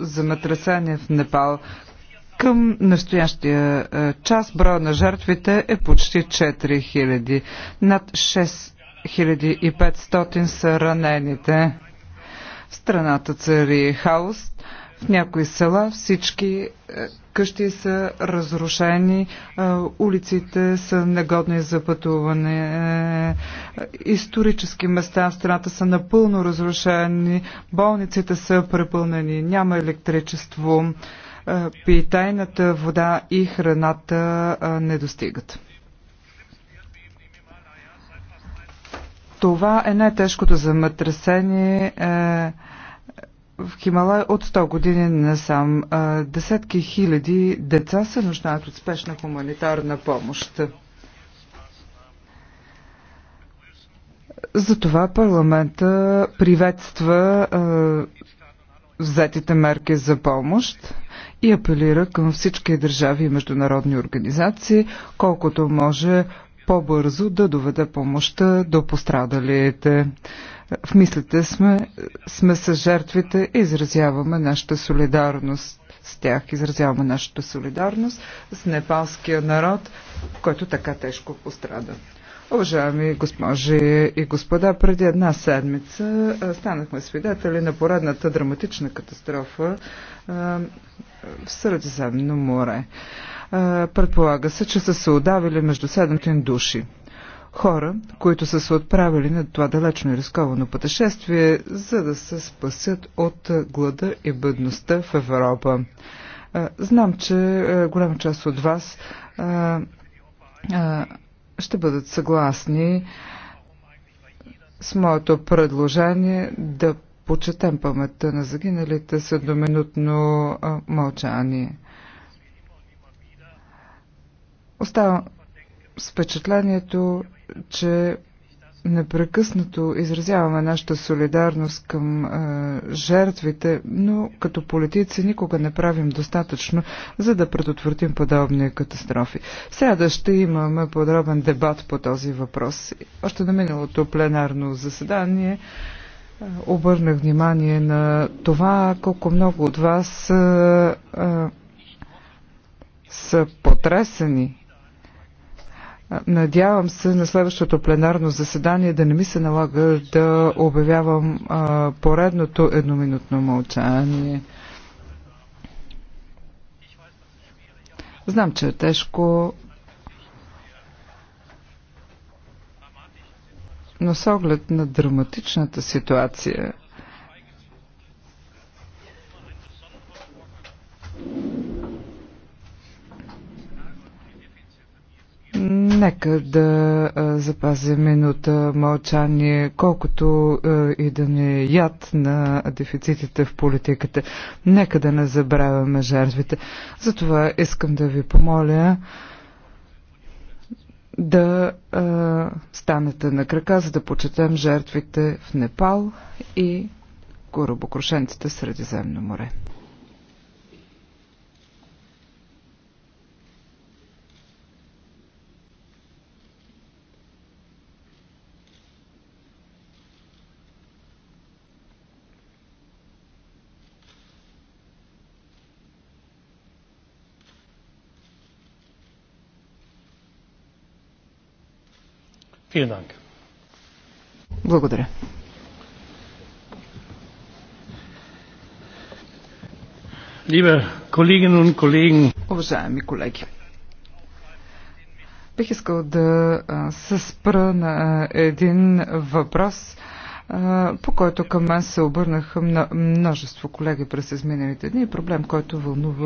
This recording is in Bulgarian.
земетресение в Непал. Към настоящия е, час броя на жертвите е почти 4000. Над 6500 са ранените. В страната цари хаос. В някои села всички е, къщи са разрушени, е, улиците са негодни за пътуване, е, исторически места в страната са напълно разрушени, болниците са препълнени, няма електричество, питайната вода и храната не достигат. Това е най-тежкото замътресение. е, в Хималай от 100 години насам десетки хиляди деца се нуждаят от спешна хуманитарна помощ. Затова парламента приветства взетите мерки за помощ и апелира към всички държави и международни организации, колкото може по-бързо да доведе помощта до пострадалите. В мислите сме, сме с жертвите и изразяваме нашата солидарност с тях. Изразяваме нашата солидарност с непалския народ, който така тежко пострада. Уважаеми госпожи и господа, преди една седмица станахме свидетели на поредната драматична катастрофа в Средиземно море. Предполага се, че са се удавили между 700 души хора, които са се отправили на това далечно и рисковано пътешествие, за да се спасят от глада и бедността в Европа. Знам, че голяма част от вас ще бъдат съгласни с моето предложение да почетем паметта на загиналите с едноминутно мълчание. Оставам с впечатлението, че непрекъснато изразяваме нашата солидарност към а, е, жертвите, но като политици никога не правим достатъчно, за да предотвратим подобни катастрофи. Сега да ще имаме подробен дебат по този въпрос. Още на миналото пленарно заседание а, е, обърнах внимание на това колко много от вас а, е, а, са потресени Надявам се на следващото пленарно заседание да не ми се налага да обявявам поредното едноминутно мълчание. Знам, че е тежко, но с оглед на драматичната ситуация Нека да запазим минута мълчание, колкото и да ни е яд на дефицитите в политиката. Нека да не забравяме жертвите. Затова искам да ви помоля да а, станете на крака, за да почетем жертвите в Непал и корабокрушенците Средиземно море. Благодаря. Liebe Kolleginnen und Kollegen, уважаеми колеги, бих искал да се спра на един въпрос, по който към мен се обърнаха множество колеги през изминалите дни. Проблем, който вълнува